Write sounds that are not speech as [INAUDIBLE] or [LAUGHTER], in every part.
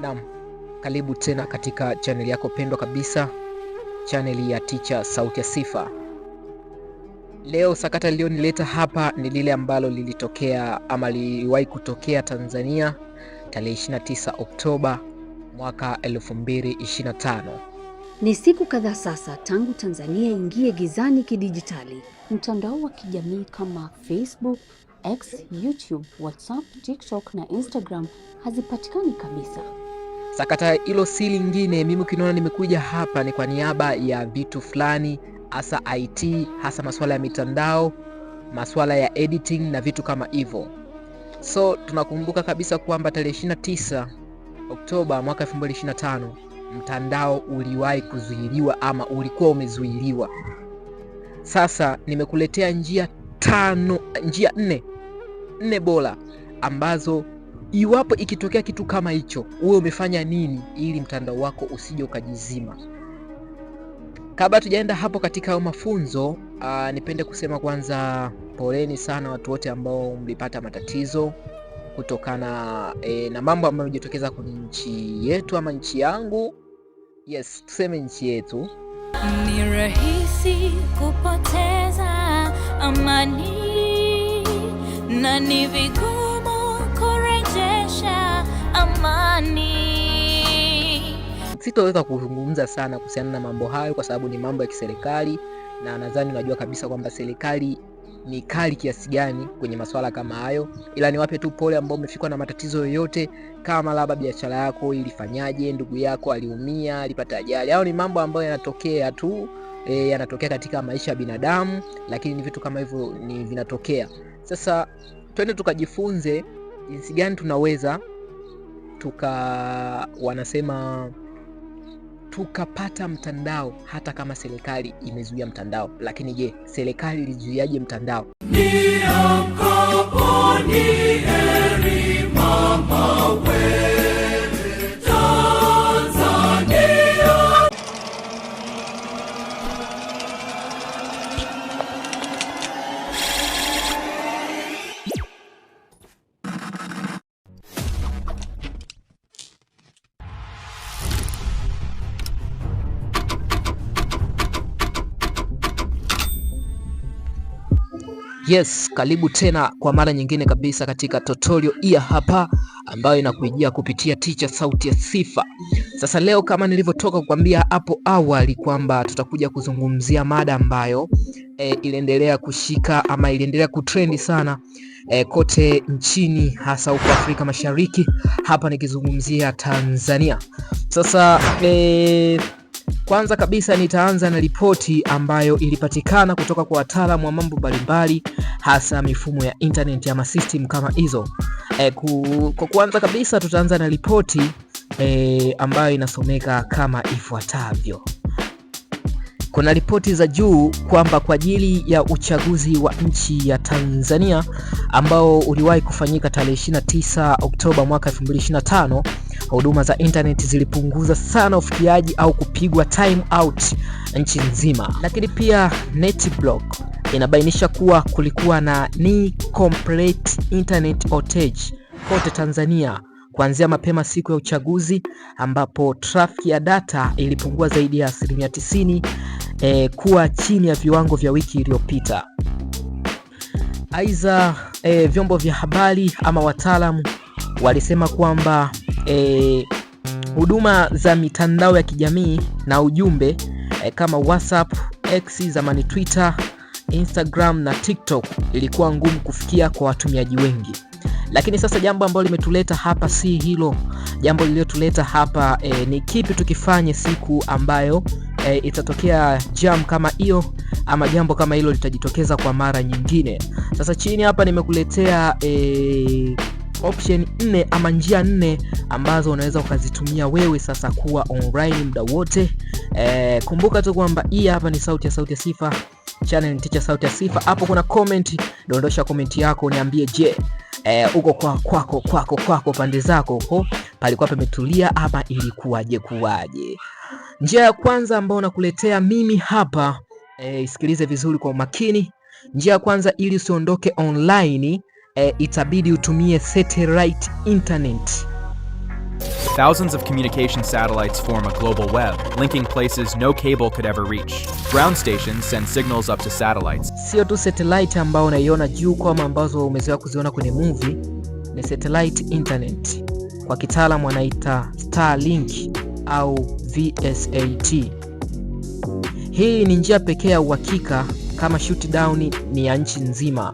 Naam, karibu tena katika chaneli yako pendwa kabisa, chaneli ya ticha Sauti ya Sifa. Leo sakata lilionileta hapa ni lile ambalo lilitokea ama liliwahi kutokea Tanzania tarehe 29 Oktoba mwaka 2025. Ni siku kadhaa sasa tangu Tanzania ingie gizani kidijitali. Mtandao wa kijamii kama Facebook, X, YouTube, WhatsApp, TikTok na Instagram hazipatikani kabisa. Sakata hilo si lingine, mimi ukiniona nimekuja hapa ni kwa niaba ya vitu fulani, hasa IT, hasa masuala ya mitandao, masuala ya editing na vitu kama hivyo. So tunakumbuka kabisa kwamba tarehe 29 Oktoba mwaka 2025 mtandao uliwahi kuzuiliwa ama ulikuwa umezuiliwa. Sasa nimekuletea njia tano, njia nne, nne bora ambazo Iwapo ikitokea kitu kama hicho, wewe umefanya nini ili mtandao wako usije ukajizima? Kabla tujaenda hapo katika hayo mafunzo, uh, nipende kusema kwanza poleni sana watu wote ambao mlipata matatizo kutokana e, na mambo ambayo yamejitokeza kwenye nchi yetu ama nchi yangu. Yes, tuseme nchi yetu. Ni rahisi kupoteza amani na ni vigumu sitoweza kuzungumza sana kuhusiana na mambo hayo kwa sababu ni mambo ya kiserikali, na nadhani unajua kabisa kwamba serikali ni kali kiasi gani kwenye masuala kama hayo, ila niwape tu pole ambao umefikwa na matatizo yoyote, kama labda biashara yako ilifanyaje, ndugu yako aliumia, alipata ajali, au ni mambo ambayo yanatokea tu e, yanatokea katika maisha ya binadamu, lakini ni vitu kama hivyo ni vinatokea. Sasa twende tukajifunze jinsi gani tunaweza tuka wanasema tukapata mtandao, hata kama serikali imezuia mtandao. Lakini je, serikali ilizuiaje mtandao? Ni ankapo ni heri mama Yes, karibu tena kwa mara nyingine kabisa katika Totorio Ear hapa ambayo inakujia kupitia Teacher Sauti ya Sifa. Sasa leo kama nilivyotoka kukwambia hapo awali kwamba tutakuja kuzungumzia mada ambayo e, iliendelea kushika ama iliendelea kutrendi sana e, kote nchini hasa huko Afrika Mashariki, hapa nikizungumzia Tanzania. Sasa e, kwanza kabisa nitaanza na ripoti ambayo ilipatikana kutoka kwa wataalamu wa mambo mbalimbali, hasa mifumo ya internet ama system kama hizo. E, ku, kwa kwanza kabisa tutaanza na ripoti e, ambayo inasomeka kama ifuatavyo. Kuna ripoti za juu kwamba kwa ajili ya uchaguzi wa nchi ya Tanzania ambao uliwahi kufanyika tarehe 29 Oktoba mwaka 2025 huduma za internet zilipunguza sana ufikiaji au kupigwa time out nchi nzima. Lakini pia NetBlock inabainisha kuwa kulikuwa na ni complete internet outage kote Tanzania kuanzia mapema siku ya uchaguzi ambapo trafiki ya data ilipungua zaidi ya asilimia 90 eh, kuwa chini ya viwango vya wiki iliyopita. Aidha, eh, vyombo vya habari ama wataalamu walisema kwamba E, huduma e, za mitandao ya kijamii na ujumbe e, kama WhatsApp, X zamani Twitter, Instagram na TikTok ilikuwa ngumu kufikia kwa watumiaji wengi, lakini sasa jambo ambalo limetuleta hapa si hilo. Jambo lililotuleta hapa e, ni kipi tukifanye siku ambayo e, itatokea jam kama hiyo ama jambo kama hilo litajitokeza kwa mara nyingine. Sasa chini hapa nimekuletea e, option nne ama njia nne ambazo unaweza ukazitumia wewe sasa kuwa online muda wote. E, kumbuka tu kwamba hii hapa ni sauti ya sauti ya sifa channel ni Teacher Sauti ya Sifa. Hapo kuna comment, dondosha comment yako, niambie je, eh, uko kwa kwako kwako kwako pande zako huko palikuwa pametulia ama ilikuwaje kuwaje? Njia ya kwanza ambayo nakuletea mimi hapa e, isikilize vizuri kwa umakini. Njia ya kwanza ili usiondoke online e, itabidi utumie satellite internet. Thousands of communication satellites form a global web, linking places no cable could ever reach. Ground stations send signals up to satellites. Sio tu satellite ambao unaiona juu kama ambazo umezoea kuziona kwenye movie, ni satellite internet. Kwa kitaalamu wanaita Starlink au VSAT. Hii ni njia pekee ya uhakika kama shutdown ni ya nchi nzima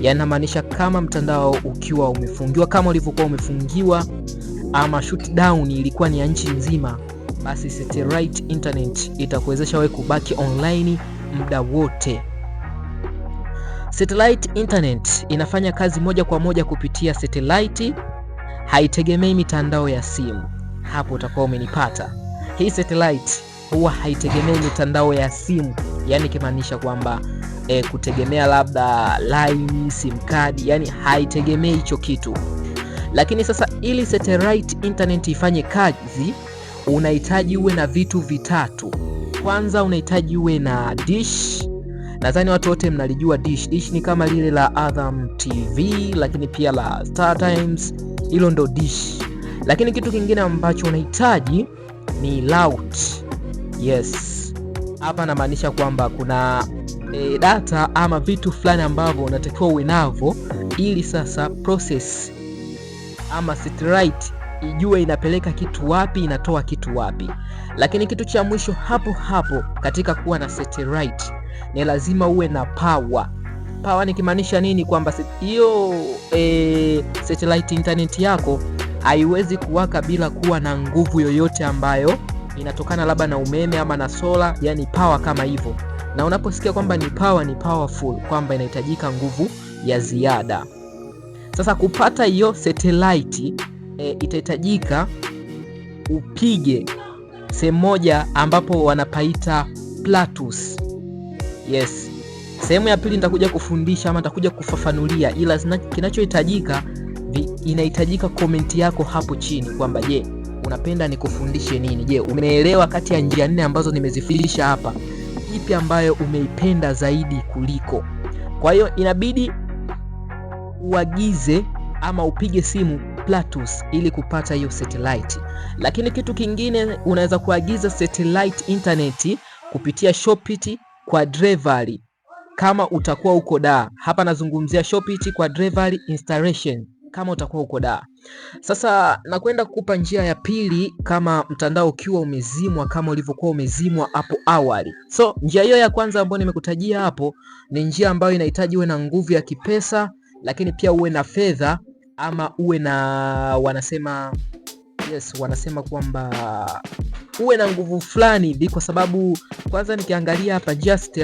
yanamaanisha kama mtandao ukiwa umefungiwa kama ulivyokuwa umefungiwa ama shutdown ilikuwa ni ya nchi nzima, basi satellite internet itakuwezesha wewe kubaki online muda wote. Satellite internet inafanya kazi moja kwa moja kupitia satellite, haitegemei mitandao ya simu. Hapo utakuwa umenipata. Hii satellite huwa haitegemei mitandao ya simu, yani kimaanisha kwamba e, kutegemea labda line, sim yani haitegemei hicho kitu. Lakini sasa ili satellite internet ifanye kazi, unahitaji uwe na vitu vitatu. Kwanza unahitaji uwe na dish Nadhani watu wote mnalijua dish. Dish ni kama lile la Azam TV lakini pia la Star Times, hilo ndo dish. Lakini kitu kingine ambacho unahitaji ni route. Yes, hapa namaanisha kwamba kuna e, data ama vitu fulani ambavyo unatakiwa uwe navyo ili sasa process ama satellite ijue inapeleka kitu wapi, inatoa kitu wapi. Lakini kitu cha mwisho hapo hapo, katika kuwa na satellite ni lazima uwe na power. Power nikimaanisha nini? Kwamba hiyo e, satellite internet yako haiwezi kuwaka bila kuwa na nguvu yoyote ambayo inatokana labda na umeme ama na sola, yani power kama hivyo na unaposikia kwamba ni power, ni powerful, kwamba inahitajika nguvu ya ziada. Sasa kupata hiyo satellite e, itahitajika upige sehemu moja ambapo wanapaita Platus. Yes, sehemu ya pili nitakuja kufundisha ama nitakuja kufafanulia, ila kinachohitajika inahitajika komenti yako hapo chini kwamba je, unapenda nikufundishe nini? Je, umeelewa kati ya njia nne ambazo nimezifundisha hapa ipi ambayo umeipenda zaidi kuliko. Kwa hiyo inabidi uagize ama upige simu Platus ili kupata hiyo satellite. Lakini kitu kingine unaweza kuagiza satellite internet kupitia Shopit Quadrivial kama utakuwa uko da. Hapa nazungumzia Shopit Quadrivial installation kama utakuwa uko da. Sasa nakwenda kukupa njia ya pili kama mtandao ukiwa umezimwa kama ulivyokuwa umezimwa hapo awali. So njia hiyo ya kwanza ambayo nimekutajia hapo ni njia ambayo inahitaji uwe na nguvu ya kipesa, lakini pia uwe na fedha ama uwe na wanasema yes, wanasema kwamba uwe na nguvu fulani hivi, kwa sababu kwanza nikiangalia hapa just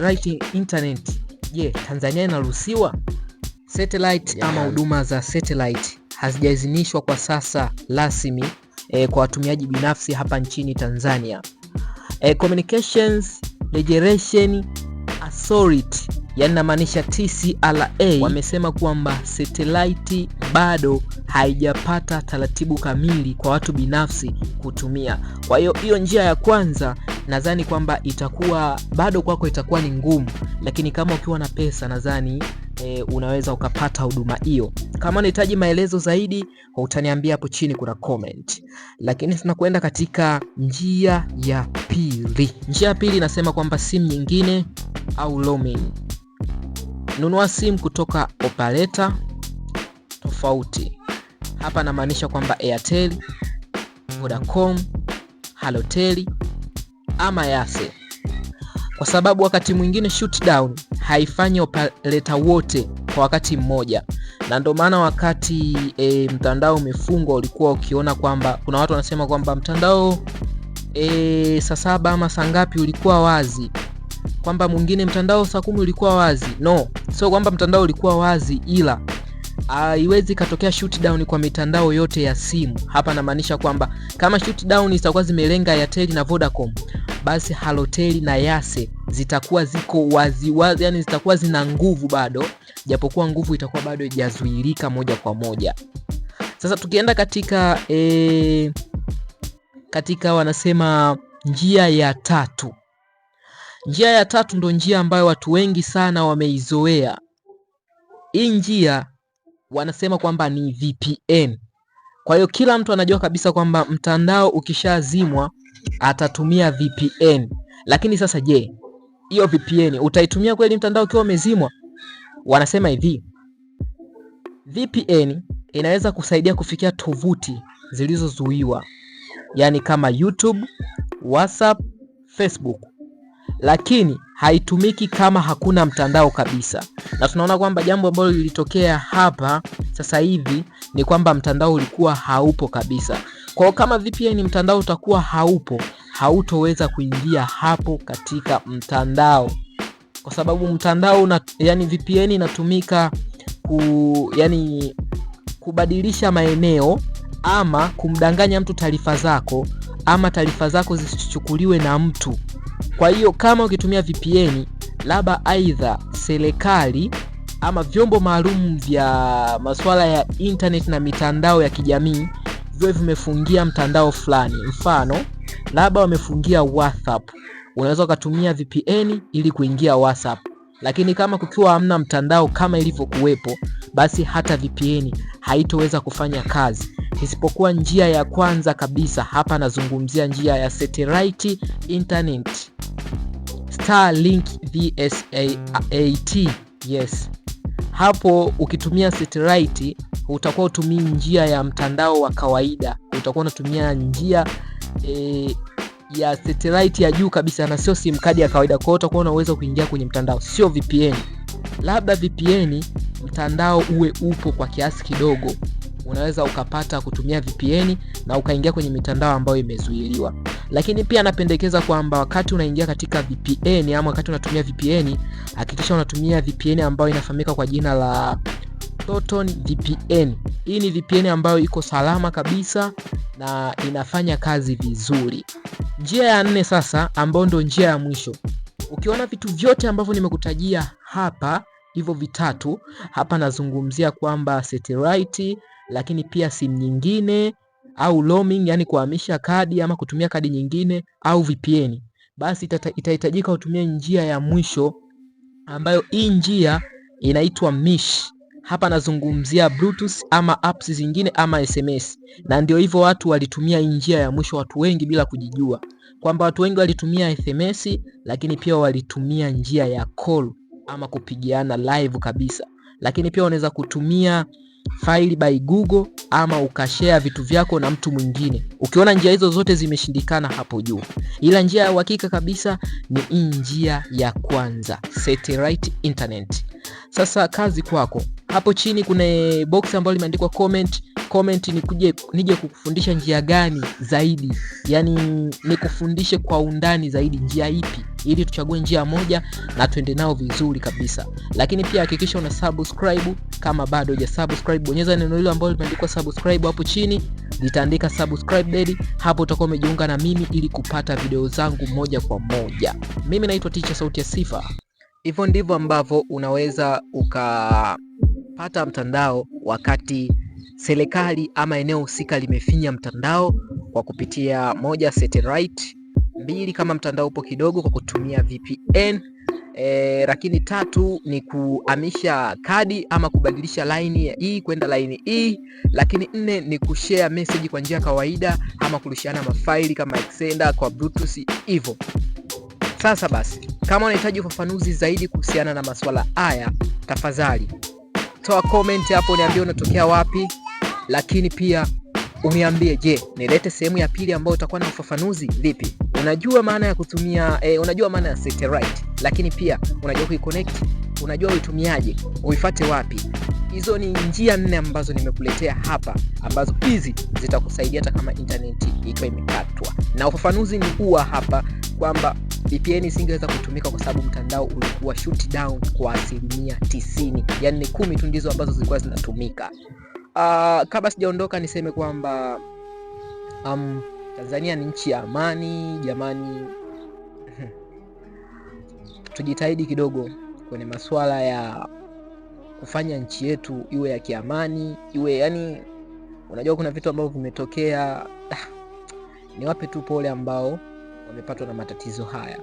internet, je, yeah, Tanzania inaruhusiwa? Satellite ama huduma za satellite hazijaidhinishwa kwa sasa rasmi eh, kwa watumiaji binafsi hapa nchini Tanzania. Eh, Communications Regulation Authority yani namaanisha TCRA wamesema kwamba satellite bado haijapata taratibu kamili kwa watu binafsi kutumia. Kwa hiyo hiyo njia ya kwanza nadhani kwamba itakuwa bado kwako, itakuwa ni ngumu, lakini kama ukiwa na pesa nadhani e, unaweza ukapata huduma hiyo. Kama unahitaji maelezo zaidi, utaniambia hapo chini kuna comment. Lakini tunakwenda katika njia ya pili. Njia ya pili inasema kwamba simu nyingine au roaming. Nunua simu kutoka operator tofauti. Hapa namaanisha kwamba Airtel, Vodacom, Halotel ama Yase, kwa sababu wakati mwingine shutdown haifanyi opaleta wote kwa wakati mmoja, na ndio maana wakati e, mtandao umefungwa ulikuwa ukiona kwamba kuna watu wanasema kwamba mtandao e, saa saba ama saa ngapi ulikuwa wazi, kwamba mwingine mtandao saa kumi ulikuwa wazi. No, sio kwamba mtandao ulikuwa wazi, ila haiwezi katokea shutdown kwa mitandao yote ya simu. Hapa namaanisha kwamba kama shutdown zitakuwa zimelenga Airtel na Vodacom, basi Halotel na Yase zitakuwa ziko wazi wazi, yani zitakuwa zina nguvu bado, japokuwa nguvu itakuwa bado haijazuilika moja kwa moja. Sasa tukienda katika e, katika wanasema njia ya tatu. Njia ya tatu ndo njia ambayo watu wengi sana wameizoea. Hii njia wanasema kwamba ni VPN. Kwa hiyo kila mtu anajua kabisa kwamba mtandao ukishazimwa atatumia VPN. Lakini sasa je, hiyo VPN utaitumia kweli mtandao ukiwa umezimwa? Wanasema hivi, VPN inaweza kusaidia kufikia tovuti zilizozuiwa, yaani kama YouTube, WhatsApp, Facebook, lakini haitumiki kama hakuna mtandao kabisa. Na tunaona kwamba jambo ambalo lilitokea hapa sasa hivi ni kwamba mtandao ulikuwa haupo kabisa. Kwa kama VPN mtandao utakuwa haupo, hautoweza kuingia hapo katika mtandao, kwa sababu mtandao una, yani VPN inatumika ku, yani kubadilisha maeneo ama kumdanganya mtu taarifa zako ama taarifa zako zisichukuliwe na mtu. Kwa hiyo kama ukitumia VPN labda aidha serikali ama vyombo maalum vya masuala ya internet na mitandao ya kijamii viwe vimefungia mtandao fulani, mfano labda wamefungia WhatsApp, unaweza ukatumia VPN ili kuingia WhatsApp. Lakini kama kukiwa hamna mtandao kama ilivyokuwepo, basi hata VPN haitoweza kufanya kazi, isipokuwa njia ya kwanza kabisa. Hapa nazungumzia njia ya satellite internet, Starlink VSAT. Yes, hapo ukitumia satellite utakuwa utumii njia ya mtandao wa kawaida, utakuwa unatumia njia e, ya satellite ya juu kabisa na sio sim card ya kawaida. Kwa hiyo utakuwa na uwezo kuingia kwenye mtandao, sio VPN. Labda VPN mtandao uwe upo kwa kiasi kidogo, unaweza ukapata kutumia VPN na ukaingia kwenye mitandao ambayo imezuiliwa. Lakini pia anapendekeza kwamba wakati unaingia katika VPN ama wakati unatumia VPN, hakikisha unatumia VPN ambayo inafahamika kwa jina la Toton VPN. Hii ni VPN ambayo iko salama kabisa na inafanya kazi vizuri. Njia ya nne sasa, ambayo ndio njia ya mwisho, ukiona vitu vyote ambavyo nimekutajia hapa, hivyo vitatu hapa, nazungumzia kwamba satellite, lakini pia simu nyingine au roaming, yani kuhamisha kadi ama kutumia kadi nyingine au VPN, basi itahitajika utumie njia ya mwisho ambayo hii njia inaitwa mesh hapa nazungumzia Bluetooth ama apps zingine ama SMS, na ndio hivyo watu walitumia njia ya mwisho, watu wengi bila kujijua kwamba watu wengi walitumia SMS, lakini pia walitumia njia ya call ama kupigiana live kabisa, lakini pia wanaweza kutumia faili by Google ama ukashare vitu vyako na mtu mwingine. Ukiona njia hizo zote zimeshindikana hapo juu, ila njia ya uhakika kabisa ni njia ya kwanza, satellite internet. Sasa kazi kwako. Hapo chini kuna box ambayo limeandikwa comment comment nikuje nije kukufundisha njia gani zaidi, yani nikufundishe kwa undani zaidi, njia ipi, ili tuchague njia moja na tuende nao vizuri kabisa. Lakini pia hakikisha una subscribe kama bado huja subscribe, bonyeza neno hilo ambalo limeandikwa subscribe hapo chini, litaandika subscribe dedi. Hapo utakuwa umejiunga na mimi ili kupata video zangu moja kwa moja. Mimi naitwa ticha Sauti ya Sifa. Hivyo ndivyo ambavyo unaweza ukapata mtandao wakati serikali ama eneo husika limefinya mtandao kwa kupitia moja, satellite; mbili, kama mtandao upo kidogo, kwa kutumia VPN. E, eh, lakini tatu ni kuhamisha kadi ama kubadilisha line ya E kwenda line E. Lakini nne ni kushare message kwa njia kawaida ama kurushiana mafaili kama extender kwa Bluetooth hivyo. Sasa basi, kama unahitaji ufafanuzi zaidi kuhusiana na masuala haya, tafadhali toa comment hapo, niambie unatokea wapi lakini pia uniambie, je, nilete sehemu ya pili ambayo utakuwa na ufafanuzi vipi? Unajua maana ya kutumia eh, unajua maana ya satellite, lakini pia unajua kuiconnect, unajua uitumiaje, uifate wapi? Hizo ni njia nne ambazo nimekuletea hapa, ambazo hizi zitakusaidia hata kama intaneti ikiwa imekatwa, na ufafanuzi ni huwa hapa kwamba VPN isingeweza kutumika kwa sababu mtandao ulikuwa shut down kwa asilimia tisini, yaani ni kumi tu ndizo ambazo zilikuwa zinatumika. Uh, kabla sijaondoka niseme kwamba um, Tanzania ni nchi ya amani jamani. [LAUGHS] Tujitahidi kidogo kwenye masuala ya kufanya nchi yetu iwe ya kiamani, iwe yani, unajua kuna vitu ambavyo vimetokea. Ah, ni wape tu pole ambao wamepatwa na matatizo haya.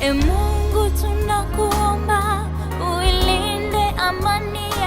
E Mungu, tunakuomba uilinde amani